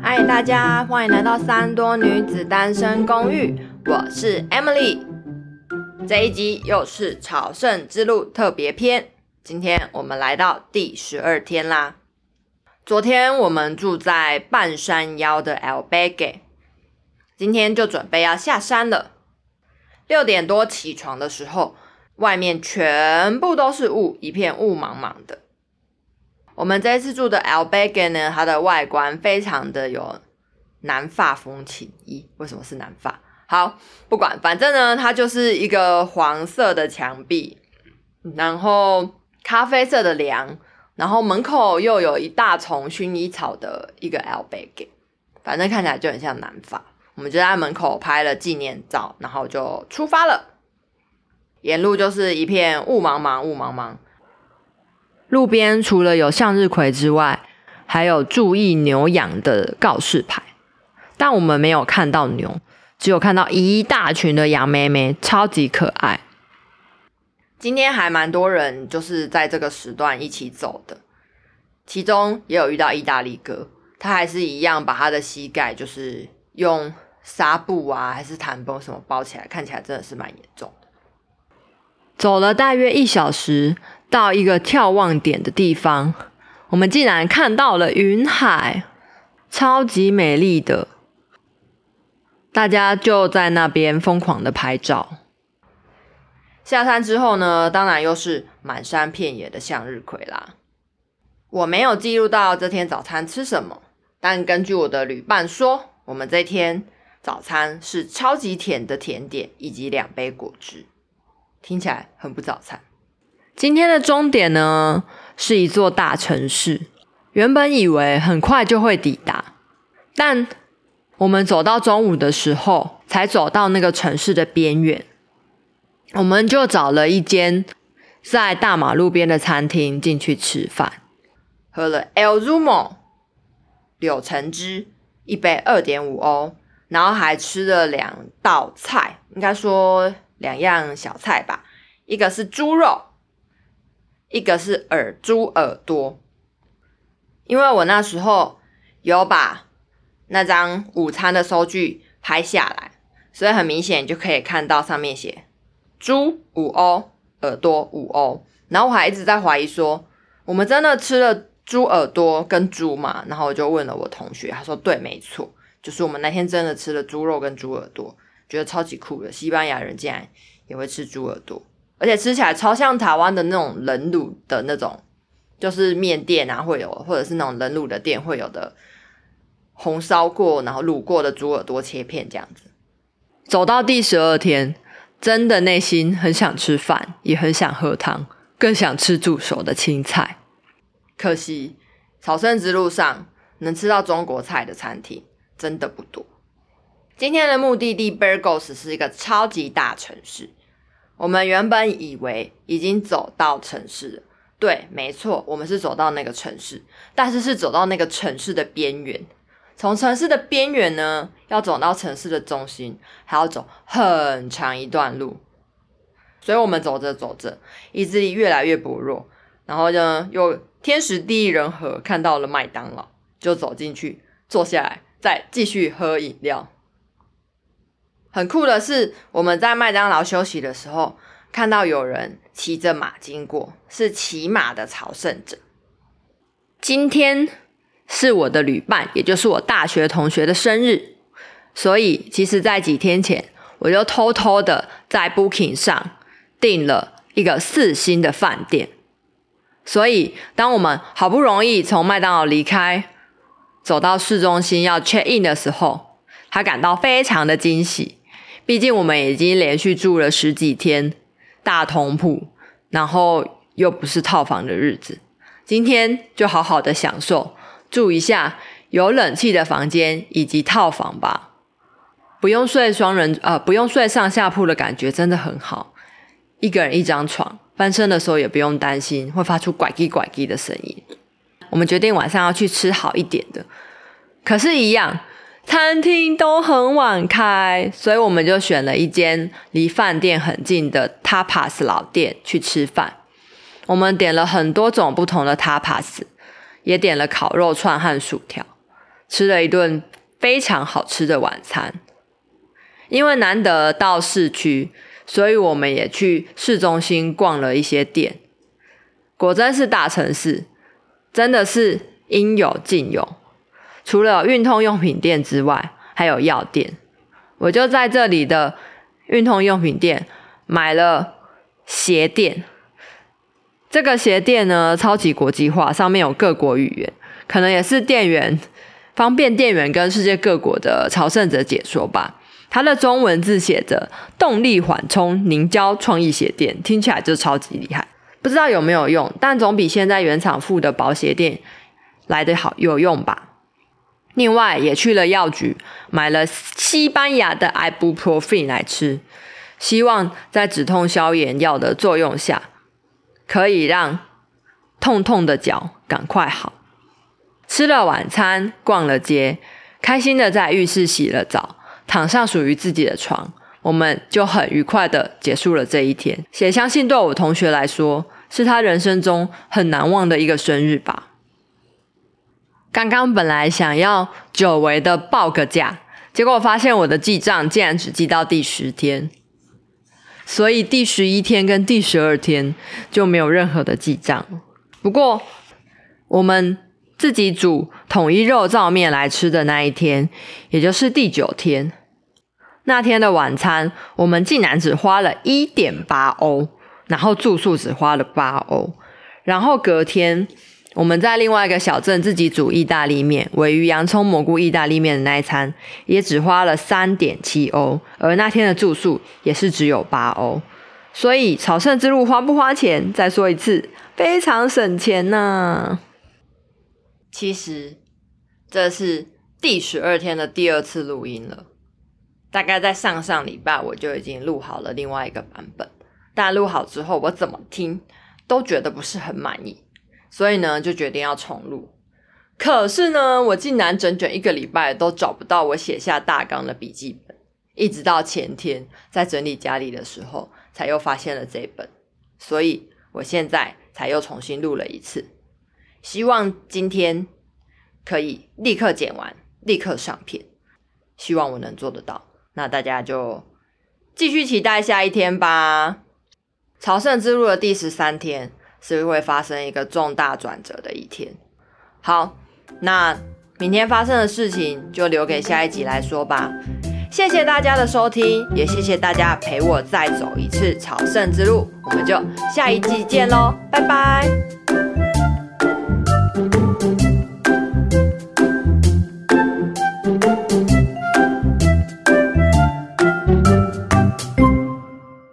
嗨，大家，歡迎來到三多女子單身公寓，我是 Emily。這一集又是朝聖之路特別篇，今天我們來到第十二天啦。昨天我們住在半山腰的 albergue，今天就準備要下山了。六點多起床的時候，外面全部都是霧，一片霧茫茫的。我們這一次住的 Albergue 呢，它的外觀非常的有南法風情。咦，為什麼是南法？好，不管，反正呢，它就是一個黃色的牆壁，然後咖啡色的梁，然後門口又有一大叢薰衣草的一個 Albergue。反正看起來就很像南法。我們就在門口拍了紀念照，然後就出發了。沿路就是一片霧茫茫，霧茫茫。路邊除了有向日葵之外，還有注意牛羊的告示牌，但我們沒有看到牛，只有看到一大群的羊咩咩，超級可愛。今天還蠻多人，就是在這個時段一起走的，其中也有遇到意大利哥，他還是一樣把他的膝蓋就是用。紗布啊，還是彈繃什麼包起來，看起來真的是蠻嚴重的。走了大約一小時，到一個眺望點的地方，我們竟然看到了雲海，超級美麗的。大家就在那邊瘋狂的拍照。下山之後呢，當然又是滿山遍野的向日葵啦。我沒有記錄到這天早餐吃什麼，但根據我的旅伴說，我們這天。早餐是超級甜的甜點，以及兩杯果汁，聽起來很不早餐。今天的終點呢，是一座大城市。原本以為很快就會抵達，但我們走到中午的時候，才走到那個城市的邊緣。我們就找了一間在大馬路邊的餐廳進去吃飯，喝了 El Zumo 柳橙汁一杯，二點五歐。然後還吃了兩道菜，應該說兩樣小菜吧，一個是豬肉，一個是耳豬耳朵。因為我那時候有把那張午餐的收據拍下來，所以很明顯就可以看到上面寫豬五歐，耳朵五歐。然後我還一直在懷疑說，我們真的吃了豬耳朵跟豬嘛？然後我就問了我同學，他說對，沒錯。就是我們那天真的吃了豬肉跟豬耳朵，覺得超級酷的，西班牙人竟然也會吃豬耳朵，而且吃起來超像台灣的那種冷滷的那種，就是麵店啊會有，或者是那種冷滷的店會有的紅燒過，然後滷過的豬耳朵切片這樣子。走到第十二天，真的內心很想吃飯，也很想喝湯，更想吃煮熟的青菜。可惜，朝聖之路上能吃到中國菜的餐廳真的不多。今天的目的地 Burgos 是一個超級大城市。我們原本以為已經走到城市了，對，沒錯，我們是走到那個城市，但是是走到那個城市的邊緣。從城市的邊緣呢，要走到城市的中心，還要走很長一段路。所以，我們走着走着，意志力越來越薄弱。然後呢，又天時地利人和，看到了麥當勞，就走進去，坐下來。再繼續喝飲料。很酷的是，我們在麥當勞休息的時候，看到有人騎着馬經過，是騎馬的朝聖者。今天是我的旅伴，也就是我大學同學的生日，所以其實，在幾天前，我就偷偷的在 Booking 上訂了一個四星的飯店。所以，當我們好不容易從麥當勞離開。走到市中心要 check in 的時候，他感到非常的驚喜。畢竟我們已經連續住了十幾天大通鋪，然後又不是套房的日子，今天就好好的享受住一下有冷氣的房間以及套房吧。不用睡雙人，呃，不用睡上下鋪的感覺真的很好。一個人一張床，翻身的時候也不用擔心會發出拐擊拐擊的聲音。我們決定晚上要去吃好一點的，可是一樣，餐廳都很晚開，所以我們就選了一間離飯店很近的 tapas 老店去吃飯。我們點了很多種不同的 tapas，也點了烤肉串和薯條，吃了一頓非常好吃的晚餐。因為難得到市區，所以我們也去市中心逛了一些店。果真是大城市。真的是應有盡有，除了運動用品店之外，還有藥店。我就在這裡的運動用品店買了鞋墊。這個鞋墊呢，超級國際化，上面有各國語言，可能也是店員，方便店員跟世界各國的朝聖者解說吧。它的中文字寫着“動力緩衝凝膠創意鞋墊”，聽起來就超級厲害。不知道有沒有用，但總比現在原廠附的薄鞋墊來得好有用吧。另外也去了藥局，買了西班牙的 ibuprofen 來吃，希望在止痛消炎藥的作用下，可以讓痛痛的腳趕快好。吃了晚餐，逛了街，開心的在浴室洗了澡，躺上屬於自己的床，我們就很愉快的結束了這一天。也相信對我同學來說，是他人生中很難忘的一個生日吧。剛剛本來想要久違的報個價，結果發現我的記賬竟然只記到第十天，所以第十一天跟第十二天就沒有任何的記賬。不過，我們自己煮統一肉燥麵來吃的那一天，也就是第九天，那天的晚餐我們竟然只花了一點八歐。然後住宿只花了八歐，然後隔天我們在另外一個小鎮自己煮意大利麵，鮪魚洋蔥蘑菇意大利麵的那一餐也只花了三點七歐，而那天的住宿也是只有八歐，所以朝聖之路花不花錢？再說一次，非常省錢吶、啊！其實這是第十二天的第二次錄音了，大概在上上禮拜我就已經錄好了另外一個版本。但錄好之後，我怎麼聽都覺得不是很滿意，所以呢，就決定要重錄。可是呢，我竟然整整一個禮拜都找不到我寫下大綱的筆記本，一直到前天在整理家裡的時候，才又發現了這一本，所以我現在才又重新錄了一次。希望今天可以立刻剪完，立刻上片，希望我能做得到。那大家就繼續期待下一天吧。朝聖之路的第十三天是會發生一個重大轉折的一天。好，那明天發生的事情就留給下一集來說吧。謝謝大家的收聽，也謝謝大家陪我再走一次朝聖之路。我們就下一集見嘍，拜拜。